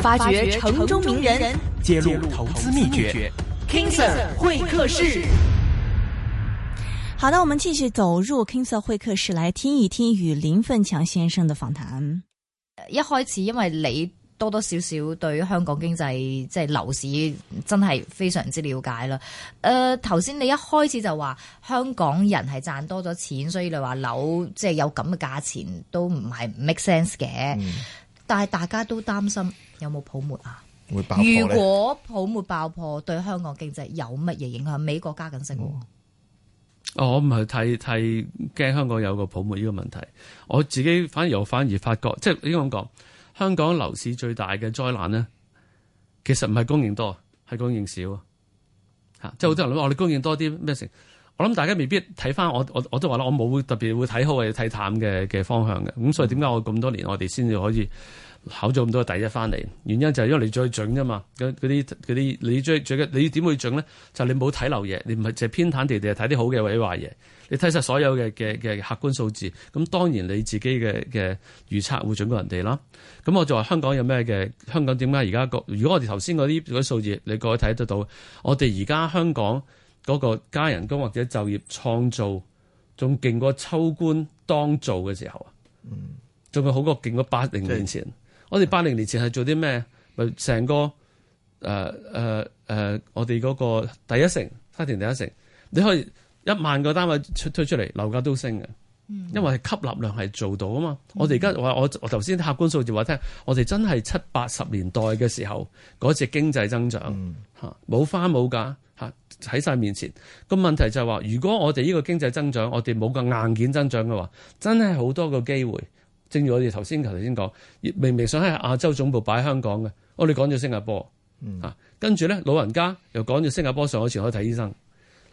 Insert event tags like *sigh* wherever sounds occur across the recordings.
發掘城中名人，揭露投資秘訣。King Sir 會客室，好的，我們繼續走入 King Sir 會客室，來聽一聽與林奮強先生的訪談。一開始因為你多多少少對香港經濟即係樓市真係非常之了解啦。誒、呃，頭先你一開始就話香港人係賺多咗錢，所以你話樓即係有咁嘅價錢都唔係唔 make sense 嘅，嗯、但係大家都擔心。有冇泡沫啊？會爆，如果泡沫爆破，對香港經濟有乜嘢影響？美國加緊升、哦，我唔係太太驚香港有個泡沫呢個問題。我自己反而又反而發覺，即係應該咁講？香港樓市最大嘅災難咧，其實唔係供應多，係供應少。吓，即係好多人諗，嗯、我哋供應多啲咩成我諗大家未必睇翻我，我我都話啦，我冇特別會睇好或者睇淡嘅嘅方向嘅。咁所以點解我咁多年我哋先至可以考咗咁多第一翻嚟？原因就係因為你最準噶嘛。嗰啲啲你最你最緊你點會準咧？就係，你冇睇漏嘢，你唔係淨係偏袒地地睇啲好嘅或者壞嘢。你睇晒所有嘅嘅嘅客觀數字，咁當然你自己嘅嘅預測會準過人哋啦。咁我就話香港有咩嘅？香港點解而家個？如果我哋頭先嗰啲嗰數字，你過去睇得到？我哋而家香港。嗰個加人工或者就業創造仲勁過秋官當造嘅時候啊，仲會好過勁過八零年前。是我哋八零年前係做啲咩？咪成個誒誒誒，我哋嗰個第一城沙田第一城，你可以一萬個單位推出嚟，樓價都升嘅，嗯、因為吸納量係做到啊嘛。嗯、我哋而家我我頭先客觀數字話聽，我哋真係七八十年代嘅時候嗰隻經濟增長嚇，冇、嗯、花冇假。喺晒面前，個問題就係話：如果我哋呢個經濟增長，我哋冇個硬件增長嘅話，真係好多個機會。正如我哋頭先、頭頭先講，明明想喺亞洲總部擺香港嘅，我哋趕住新加坡、嗯、啊，跟住咧老人家又趕住新加坡上海前海睇醫生，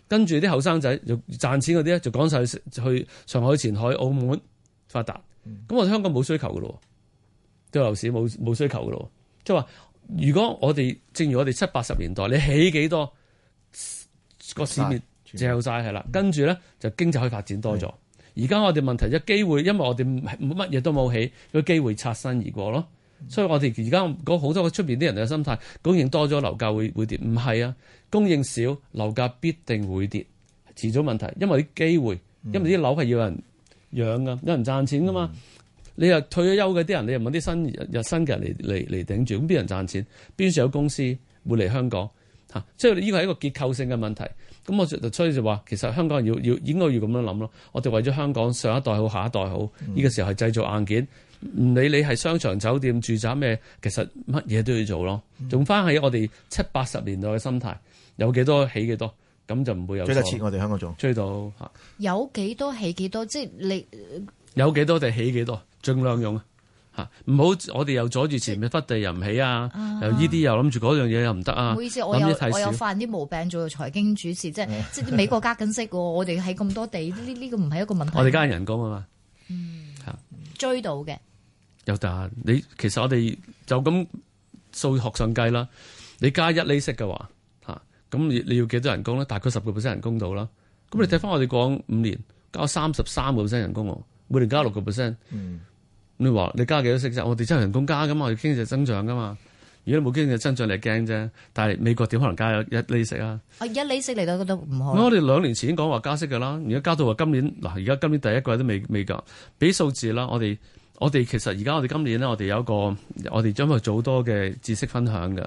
跟住啲後生仔又賺錢嗰啲咧，就趕晒去，去上海前海、澳門發達。咁、嗯、我哋香港冇需求嘅咯，對樓市冇冇需求嘅咯。即係話，如果我哋正如我哋七八十年代，你起幾多？個市面掉晒係啦，面跟住咧、嗯、就經濟可以發展多咗。而家、嗯、我哋問題即係機會，因為我哋乜嘢都冇起，個機會擦身而過咯。嗯、所以我哋而家好多嘅出邊啲人嘅心態，供應多咗，樓價會會跌？唔係啊，供應少，樓價必定會跌，遲早問題。因為啲機會，嗯、因為啲樓係要人養噶，有人賺錢噶嘛。嗯、你又退咗休嘅啲人，你又搵啲新入新嘅人嚟嚟嚟頂住，咁邊人賺錢？邊上有公司會嚟香港？吓！即係呢個係一個結構性嘅問題。咁我所以就話，其實香港人要要應該要咁樣諗咯。我哋為咗香港上一代好、下一代好，呢、嗯、個時候係製造硬件，唔理你係商場、酒店、住宅咩，其實乜嘢都要做咯。用翻喺我哋七八十年代嘅心態，有幾多起幾多，咁就唔會有，追得切我哋香港仲追到吓，有幾多起幾多，即係你有幾多就起幾多，盡量用啊。唔好我哋又阻住前面忽地又唔起啊，又呢啲又諗住嗰樣嘢又唔得啊。唔好意思，我有我有犯啲毛病做財經主持，即係 *laughs* 即係美國加緊息嘅，我哋喺咁多地呢、呢、呢個唔係一個問題。我哋加人工啊嘛，吓、嗯、是追到嘅又得。你其實我哋就咁數學上計啦，你加一厘息嘅話吓，咁你要幾多人工咧？大概十個 percent 人工到啦。咁、嗯、你睇翻我哋講五年，加三十三個 percent 人工，每年加六個 percent。嗯你話你加幾多息啫？我哋真係人工加噶嘛，我要經濟增長噶嘛。如果你冇經濟增長，你驚啫。但係美國點可能加一一釐息啊？啊，而家利息嚟到、啊，覺得唔好。我哋兩年前已經講話加息噶啦。而家加到話今年嗱，而家今年第一季都未未夠。俾數字啦，我哋我哋其實而家我哋今年咧，我哋有一個我哋將會做多嘅知識分享嘅。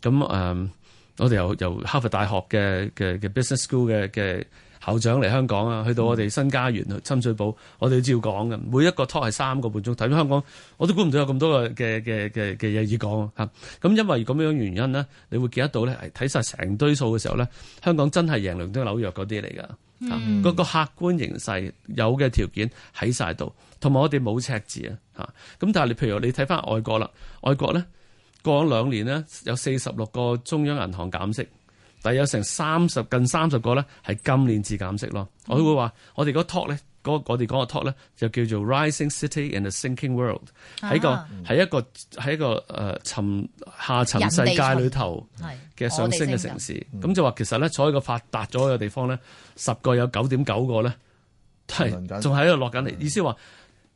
咁誒、呃，我哋由由哈佛大學嘅嘅嘅 Business School 嘅嘅。校長嚟香港啊，去到我哋新家園深水埗，我哋都照講嘅。每一個 talk 係三個半鐘，睇翻香港，我都估唔到有咁多嘅嘅嘅嘅嘢要講嚇。咁因為咁樣原因呢，你會見得到咧，係睇晒成堆數嘅時候咧，香港真係贏兩張紐約嗰啲嚟㗎。嗰個客觀形勢有嘅條件喺晒度，同埋我哋冇赤字啊嚇。咁但係你譬如你睇翻外國啦，外國咧過咗兩年呢，有四十六個中央銀行減息。但有成三十近三十個咧，係今年至減息咯、嗯。我會話我哋嗰 talk 咧，嗰我哋嗰個 talk 咧、那個，我 talk 就叫做 rising city and sinking world，喺個喺一個喺、嗯、一個誒、呃、沉下沉世界裏頭嘅上升嘅城市。咁就話其實咧，坐喺個發達咗嘅地方咧，十個有九點九個咧，係仲喺度落緊嚟。啊、意思話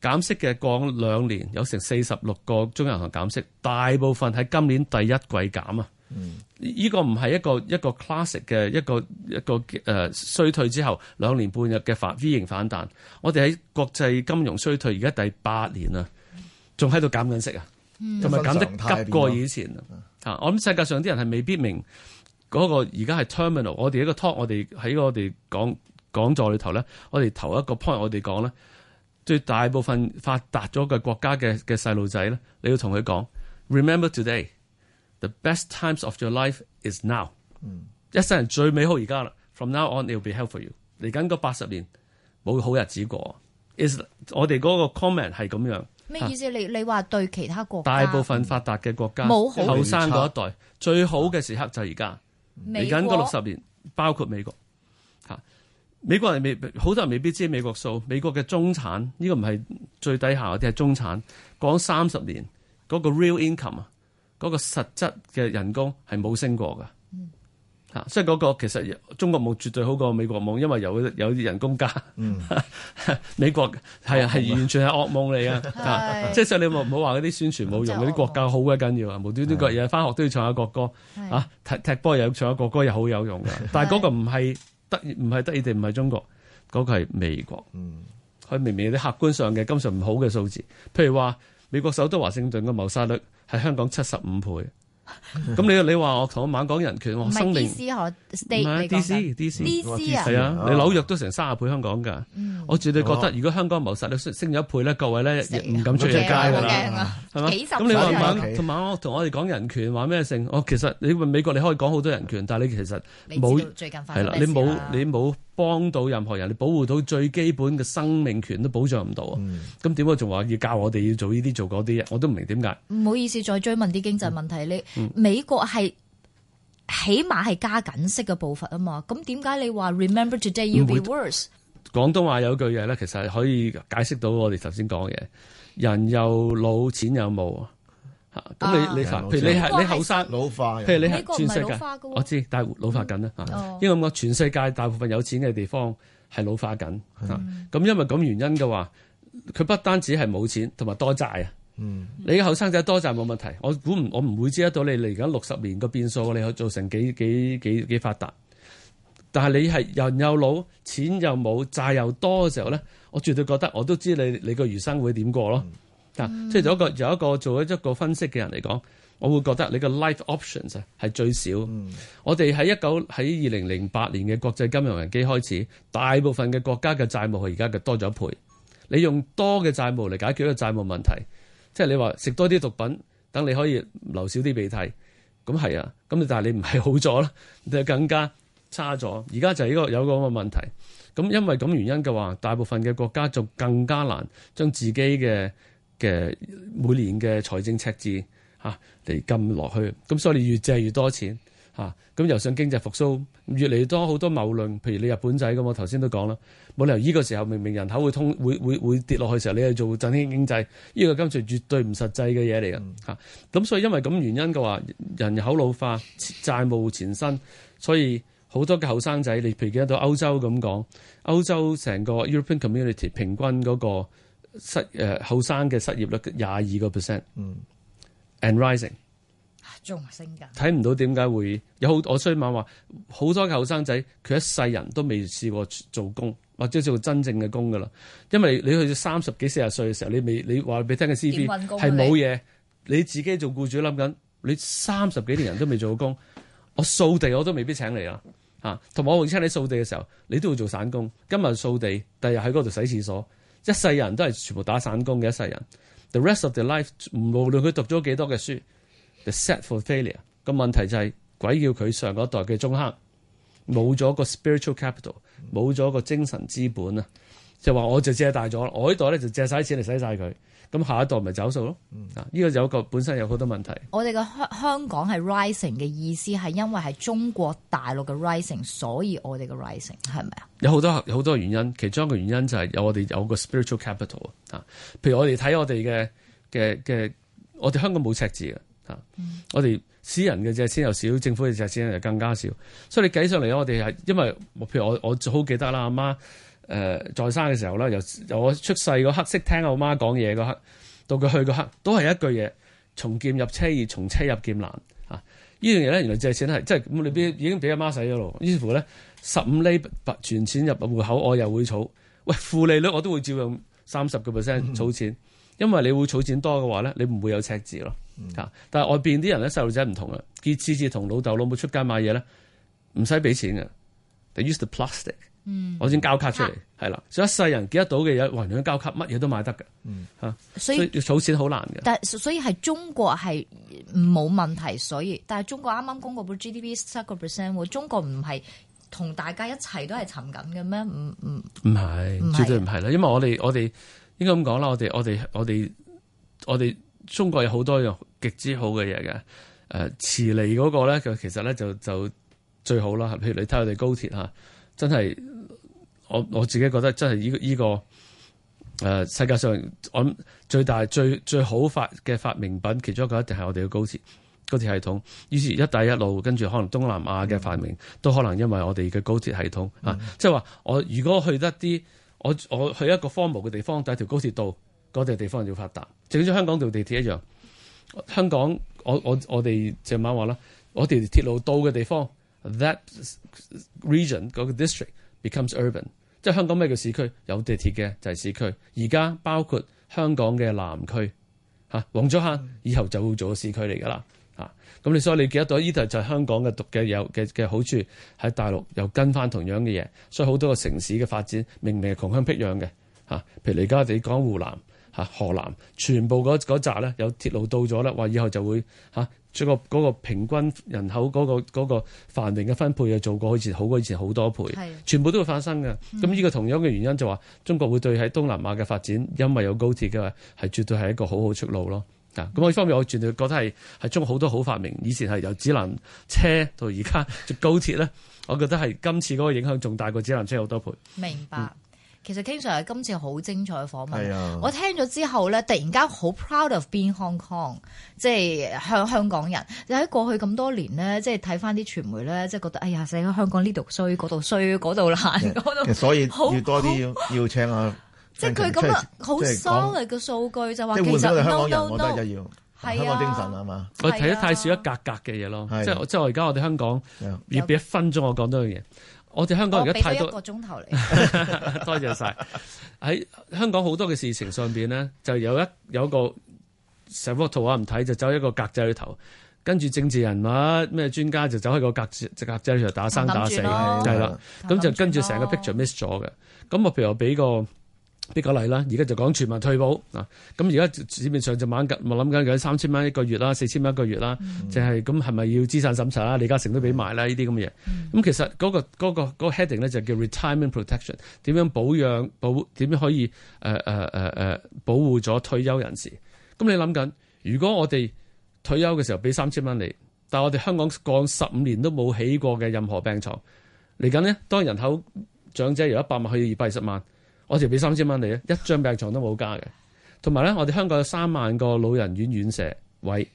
減息嘅過兩年有成四十六個中央銀行減息，大部分喺今年第一季減啊。嗯，呢個唔係一個一個 classic 嘅一個一個誒、呃、衰退之後兩年半日嘅 V 型反彈。我哋喺國際金融衰退而家第八年啦，仲喺度減緊息啊，同埋、嗯、減得急過以前啊。嗯、我諗世界上啲人係未必明嗰、那個而家係 terminal。我哋一個 talk，我哋喺我哋講講座裏頭咧，我哋頭一個 point，我哋講咧，絕大部分發達咗嘅國家嘅嘅細路仔咧，你要同佢講，remember today。The best times of your life is now。一生人最美好而家啦。From now on, it will be helpful for you。嚟緊嗰八十年冇好日子過。Is 我哋嗰個 comment 係咁樣咩意思？啊、你你話對其他國家大部分發達嘅國家冇好後生嗰一代最好嘅時刻就係而家。嚟緊嗰六十年包括美國嚇、啊。美國人未好多人未必知美國數美國嘅中產呢、呢個唔係最底下，啲係中產講三十年嗰、嗰個 real income 啊。嗰個實質嘅人工係冇升過噶，嚇！所以嗰個其實中國夢絕對好過美國夢，因為有有啲人工加。美國係係完全係噩夢嚟噶，即係你唔好話嗰啲宣傳冇用，嗰啲國教好鬼緊要啊！無端端個日日翻學都要唱下國歌，嚇！踢踢波又唱下國歌，又好有用噶。但係嗰個唔係得意，唔係得意地，唔係中國嗰個係美國。佢明明有啲客觀上嘅根本上唔好嘅數字，譬如話美國首都華盛頓嘅謀殺率，係香港七十五倍，咁你你話我同我猛講人權？生力唔係 DC，唔係 DC，DC，DC 啊，係啊，你紐約都成三十倍香港㗎，我絕對覺得如果香港謀殺率升咗一倍咧，各位咧亦唔敢出街㗎啦，係嘛？幾十歲咁你話猛同埋我同我哋講人權話咩性?我其實你問美國你可以講好多人權，但係你其實冇最近，係啦，你冇你冇，幫到任何人，你保護到最基本嘅生命權都保障唔到啊！咁點解仲話要教我哋要做呢啲做嗰啲？我都唔明點解。唔好意思，再追問啲經濟問題。你、嗯、美國係起碼係加緊息嘅步伐啊嘛！咁點解你話 Remember today You be worse？廣東話有句嘢咧，其實係可以解釋到我哋頭先講嘅嘢：人又老，錢又有冇。吓，咁你你、啊、譬如你係你後生，老化，譬如你係全世界，我知，但係老化緊啦。哦、嗯，因為咁我全世界大部分有錢嘅地方係老化緊咁、嗯、因為咁原因嘅話，佢不單止係冇錢，同埋多債啊。嗯，你後生仔多債冇問題，我估唔我唔會知得到你嚟緊六十年個變數，你去造成幾幾幾幾發達。但係你係人又老，錢又冇，債又多嘅時候咧，我絕對覺得我都知你你個餘生會點過咯。嗯嗱，嗯、即係做一個有一個做咗一個分析嘅人嚟講，我會覺得你個 life options 啊係最少。嗯、我哋喺一九喺二零零八年嘅國際金融危機開始，大部分嘅國家嘅債務佢而家嘅多咗一倍。你用多嘅債務嚟解決一個債務問題，即係你話食多啲毒品，等你可以留少啲鼻涕，咁係啊。咁但係你唔係好咗啦，你就更加差咗。而家就係呢個有個咁嘅問題。咁因為咁原因嘅話，大部分嘅國家就更加難將自己嘅嘅每年嘅財政赤字嚇嚟撳落去，咁所以你越借越多錢嚇，咁又想經濟復甦，越嚟越多好多謬論，譬如你日本仔咁，我頭先都講啦，冇理由呢個時候明明人口會通會會會跌落去嘅時候，你去做振興經濟，呢、這個金朝絕對唔實際嘅嘢嚟嘅嚇。咁、啊、所以因為咁原因嘅話，人口老化、債務纏身，所以好多嘅後生仔，你譬如見到歐洲咁講，歐洲成個 European Community 平均嗰、那個。失誒後生嘅失業率廿二個 percent，嗯，and rising，仲升緊。睇唔到點解會有好？我雖然話好多嘅後生仔，佢一世人都未試過做工，或者做真正嘅工噶啦。因為你去到三十幾四十歲嘅時候，你未你話俾你聽嘅 C B 係冇嘢，你自己做僱主諗緊，你三十幾年人都未做過工， *laughs* 我掃地我都未必請你啦。嚇，同埋我話齋你掃地嘅時候，你都要做散工，今日掃地，第二日喺嗰度洗廁所。一世人，都係全部打散工嘅一世人。The rest of the life，無論佢讀咗幾多嘅書，the set for failure。個問題就係、是，鬼叫佢上一代嘅中黑，冇咗個 spiritual capital，冇咗個精神資本啊！就話我就借大咗，我呢代咧就借晒錢嚟使晒佢。咁下一代咪走數咯？啊、嗯，呢個有一個本身有好多問題。我哋嘅香香港係 rising 嘅意思係因為係中國大陸嘅 rising，所以我哋嘅 rising 係咪啊？有好多好多原因，其中一個原因就係有我哋有個 spiritual capital 啊。譬如我哋睇我哋嘅嘅嘅，我哋香港冇赤字嘅啊。嗯、我哋私人嘅赤字又少，政府嘅赤字又更加少，所以你計上嚟，我哋係因為譬如我我好記得啦，阿媽。誒、呃、在生嘅時候咧，由由我出世個刻識聽阿媽講嘢個刻，到佢去個刻，都係一句嘢：從劍入車易，從車入劍難。嚇、啊！呢樣嘢咧，原來借錢係即係裏邊已經俾阿媽使咗咯。於是乎咧，十五厘存錢入戶口，我又會儲。喂，負利率我都會照用三十個 percent 儲錢，因為你會儲錢多嘅話咧，你唔會有赤字咯。嚇、啊！但係外邊啲人咧，細路仔唔同啊，結次次同老豆老母出街買嘢咧，唔使俾錢嘅，就用 the plastic。嗯，我先交卡出嚟係啦，所以一世人記得到嘅嘢，還想交卡乜嘢都買得嘅。吓、嗯啊，所以要儲錢好難嘅。但係所以係中國係冇問題，所以但係中國啱啱公布 G D P 三個 percent，中國唔係同大家一齊都係沉緊嘅咩？唔唔唔係絕對唔係啦，因為我哋我哋應該咁講啦，我哋我哋我哋我哋中國有好多樣極之好嘅嘢嘅。誒，遲嚟嗰個咧，其實咧就就，就最好啦。譬如你睇我哋高鐵吓。真係我我自己覺得真係依依個誒、呃、世界上我最大最最好發嘅發明品，其中一個一定係我哋嘅高鐵高鐵系統。於是一帶一路跟住可能東南亞嘅發明，都可能因為我哋嘅高鐵系統啊。即係話我如果去得啲，我我去一個荒蕪嘅地方，第一條高鐵到嗰笪地方就要發達。正如香港條地鐵一樣，香港我我我哋鄭猛話啦，我哋鐵路到嘅地方。That region 嗰個 district becomes urban，即係香港咩叫市區？有地鐵嘅就係、是、市區。而家包括香港嘅南區，嚇、啊，黃竹坑以後就會做市區嚟㗎啦。嚇、啊，咁你所以你見得到呢度就係香港嘅獨嘅有嘅嘅好處，喺大陸又跟翻同樣嘅嘢，所以好多個城市嘅發展明明係窮鄉僻壤嘅，嚇、啊。譬如你而家你講湖南、嚇、啊、河南，全部嗰嗰扎咧有鐵路到咗啦，話，以後就會嚇。啊做個嗰個平均人口嗰、嗰個嗰個繁榮嘅分配啊，做過以前好過以前好多倍，的全部都會發生嘅。咁呢個同樣嘅原因就話，中國會對喺東南亞嘅發展，因為有高鐵嘅話，係絕對係一個好好出路咯。啊的，咁呢方面我絕對覺得係係中國好多好發明，以前係由指南車到而家做高鐵咧，我覺得係今次嗰個影響仲大過指南車好多倍。明白。嗯其實經常 King Sir 係今次好精彩嘅訪問，我聽咗之後咧，突然間好 proud of being Hong Kong，即係向香港人。就喺過去咁多年咧，即係睇翻啲傳媒咧，即係覺得哎呀，成個香港呢度衰，嗰度衰，嗰度爛，嗰度，所以要多啲要請我。即係佢咁樣，好 solid 嘅數據就話其實香港人都要香港精神啊嘛。我睇得太少一格格嘅嘢咯，即係即係我而家我哋香港要俾一分鐘我講多樣嘢。我哋香港而家太多。俾多個鐘頭嚟，多謝晒。喺香港好多嘅事情上邊咧，就有一有一個成幅圖畫唔睇，就走喺一個格仔裏頭。跟住政治人物咩專家就走喺個格子格仔裏頭打生打死，係啦。咁了就跟住成個 picture miss 咗嘅。咁我譬如我俾個。邊個例啦？而家就講全民退保啊！咁而家市面上就猛緊，我諗緊佢三千蚊一個月啦，四千蚊一個月啦，嗯、就係咁係咪要資產審查啊？嗯、李嘉誠都俾埋啦，呢啲咁嘅嘢。咁、嗯、其實嗰、嗰個嗰、嗰個嗰個嗰個、heading 咧就叫 retirement protection，點樣保養保點樣可以誒誒誒誒保護咗退休人士？咁你諗緊，如果我哋退休嘅時候俾三千蚊你，但係我哋香港過十五年都冇起過嘅任何病床。嚟緊咧當人口長者由一百萬去到二百二十萬。我就俾三千蚊你咧，一張病床都冇加嘅。同埋咧，我哋香港有三萬個老人院院舍位，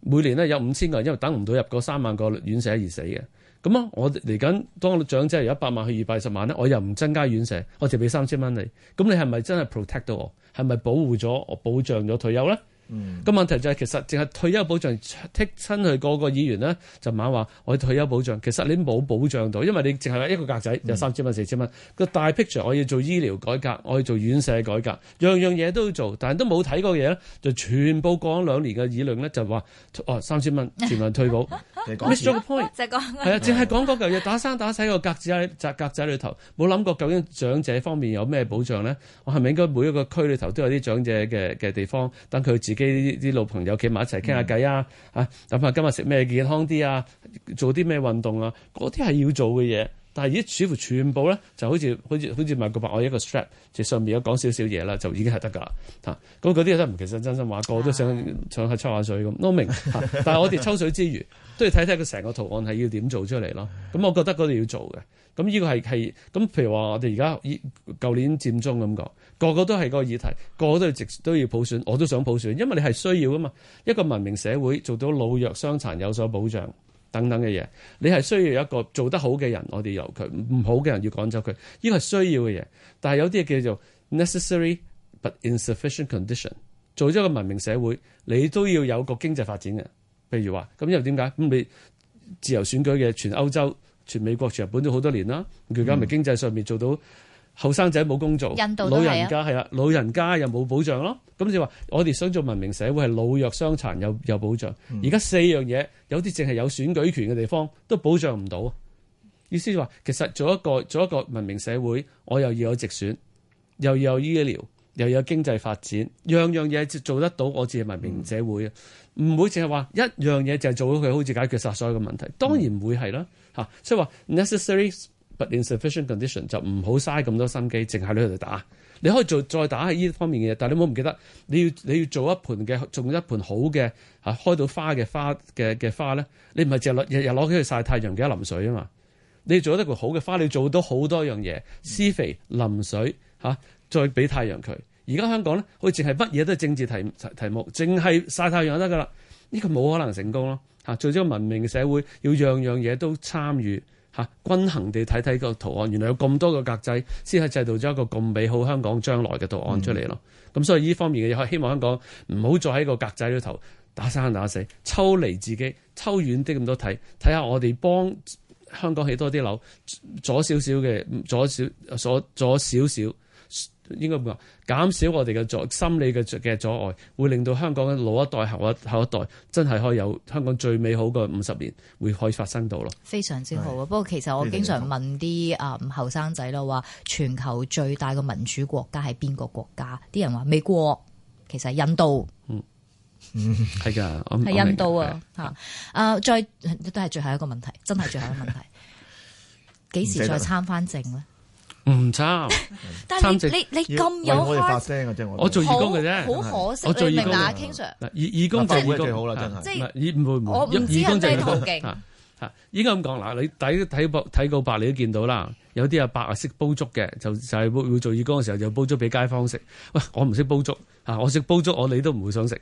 每年咧有五千個人，因為等唔到入嗰三萬個院舍而死嘅。咁啊，我嚟緊當我長者有一百萬去二百十萬咧，我又唔增加院舍，我就俾三千蚊你。咁你係咪真係 protect 到我？係咪保護咗我，保障咗退休咧？嗯，個問題就係其實淨係退休保障剔親佢個個議員咧，就猛話我退休保障，其實你冇保障到，因為你淨係一個格仔就三千蚊、四千蚊。4, 個大 picture 我要做醫療改革，我要做院舍改革，樣樣嘢都要做，但係都冇睇過嘢咧，就全部過咗兩年嘅議論咧，就話哦，三千蚊全民退保。 *laughs* miss 咗個 point，就係講係啊，淨係講嗰嚿嘢打生打死個格仔，摘格仔裏頭，冇諗過究竟長者方面有咩保障咧？我係咪應該每一個區裏頭都有啲長者嘅嘅地方，等佢自己啲老朋友企埋一齊傾下偈啊？嚇、嗯啊，諗下今日食咩健康啲啊？做啲咩運動啊？嗰啲係要做嘅嘢。但係而家似乎全部咧，就好似好似好似麥國白我一個 strap，就上面有講少少嘢啦，就已經係得噶啦嚇。咁嗰啲嘢都唔，其實真心話，個個都想想係抽下水咁。我明，但係我哋抽水之餘，都要睇睇佢成個圖案係要點做出嚟咯。咁我覺得嗰度要做嘅。咁呢個係係咁，譬如話我哋而家以舊年佔中咁講，個個都係個議題，個個都要直都要普選，我都想普選，因為你係需要啊嘛。一個文明社會做到老弱傷殘有所保障。等等嘅嘢，你係需要一個做得好嘅人，我哋由佢，唔好嘅人要趕走佢，呢個係需要嘅嘢。但係有啲嘢叫做 necessary but insufficient condition。做咗個文明社會，你都要有個經濟發展嘅。譬如話，咁又點解？咁你自由選舉嘅全歐洲、全美國，全日本都好多年啦。佢而家咪經濟上面做到。後生仔冇工做，老人家係啦，老人家又冇保障咯。咁就係話，我哋想做文明社會，係老弱傷殘有有保障。而家、嗯、四樣嘢，有啲淨係有選舉權嘅地方都保障唔到。意思就話，其實做一個做一個文明社會，我又要有直選，又要有醫療，又要有經濟發展，樣樣嘢就做得到，我自係文明社會啊！唔、嗯、會淨係話一樣嘢就係做到佢，好似解決曬所有嘅問題。當然唔會係啦，嚇、嗯，所以話 necessary。But insufficient condition 就唔好嘥咁多心機，淨喺呢度度打。你可以做再打喺呢方面嘅嘢，但係你唔好唔記得，你要你要做一盤嘅，種一盤好嘅嚇、啊，開到花嘅花嘅嘅花咧。你唔係淨攞日日攞起去曬太陽，幾多淋水啊嘛？你要做得盤好嘅花，你要做到好多樣嘢，施肥、淋水嚇、啊，再俾太陽佢。而家香港咧，佢淨係乜嘢都係政治題題目，淨係曬太陽就得㗎啦。呢、這個冇可能成功咯嚇、啊。做咗個文明嘅社會，要樣樣嘢都參與。嚇，均衡地睇睇個圖案，原來有咁多個格仔，先係製造咗一個咁美好香港將來嘅圖案出嚟咯。咁、嗯、所以呢方面嘅嘢，希望香港唔好再喺個格仔裏頭打生打死，抽離自己，抽遠啲咁多睇，睇下我哋幫香港起多啲樓，阻少少嘅，阻少左左少少。應該會減少我哋嘅阻心理嘅嘅阻礙，會令到香港嘅老一代後一後一代真係可以有香港最美好嘅五十年，會可以發生到咯。非常之好啊！不過其實我經常問啲啊後生仔啦，話全球最大嘅民主國家係邊個國家？啲人話美國，其實係印度。嗯，係㗎，係印度啊！嚇啊！再都係最後一個問題，真係最後一個問題，幾時再參翻政咧？唔差，但係你你你咁有 heart，我做義工嘅啫，我好好可惜，你明唔明啊？經常，義義工發言最好啦，真係，即係，唔會唔會，義工就係途徑嚇，應該咁講嗱，你睇睇睇個白，你都見到啦，有啲阿伯啊識煲粥嘅，就就係會會做義工嘅時候就煲粥俾街坊食。喂，我唔識煲粥。啊！我食煲粥，我你都唔會想食。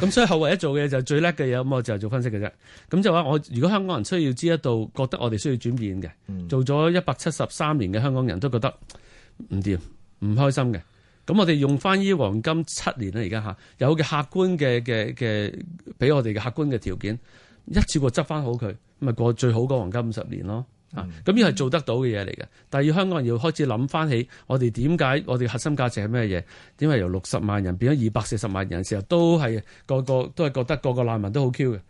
咁 *laughs* 所以我唯一做嘅嘢就最叻嘅嘢，咁我就做分析嘅啫。咁就話我如果香港人需要知一度，覺得我哋需要轉變嘅，嗯、做咗一百七十三年嘅香港人都覺得唔掂，唔開心嘅。咁我哋用翻呢黃金七年啦，而家吓有嘅客觀嘅嘅嘅，俾我哋嘅客觀嘅條件，一次過執翻好佢，咪過最好個黃金五十年咯。啊！咁呢個係做得到嘅嘢嚟嘅。但係，香港人要開始諗翻起我哋點解我哋核心價值係咩嘢？點解由六十萬人變咗二百四十萬人嘅時候，都係個個都係覺得個個難民都好 Q 嘅。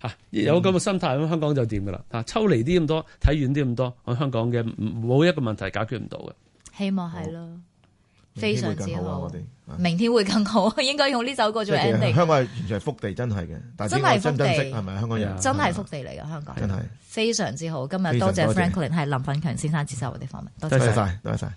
嚇、啊！有咁嘅心態，咁香港就掂㗎啦。嚇、啊！抽離啲咁多，睇遠啲咁多，我香港嘅冇一個問題解決唔到嘅。希望係咯。非常之好，我哋明天會更好，應該用呢首歌做 ending。香港係完全係福地，真係嘅。但真係福地，係咪香港人真係福地嚟嘅。香港，真係非常之好。今日多謝 Franklin，係林奮強先生接受我哋訪問，多謝晒。多謝曬。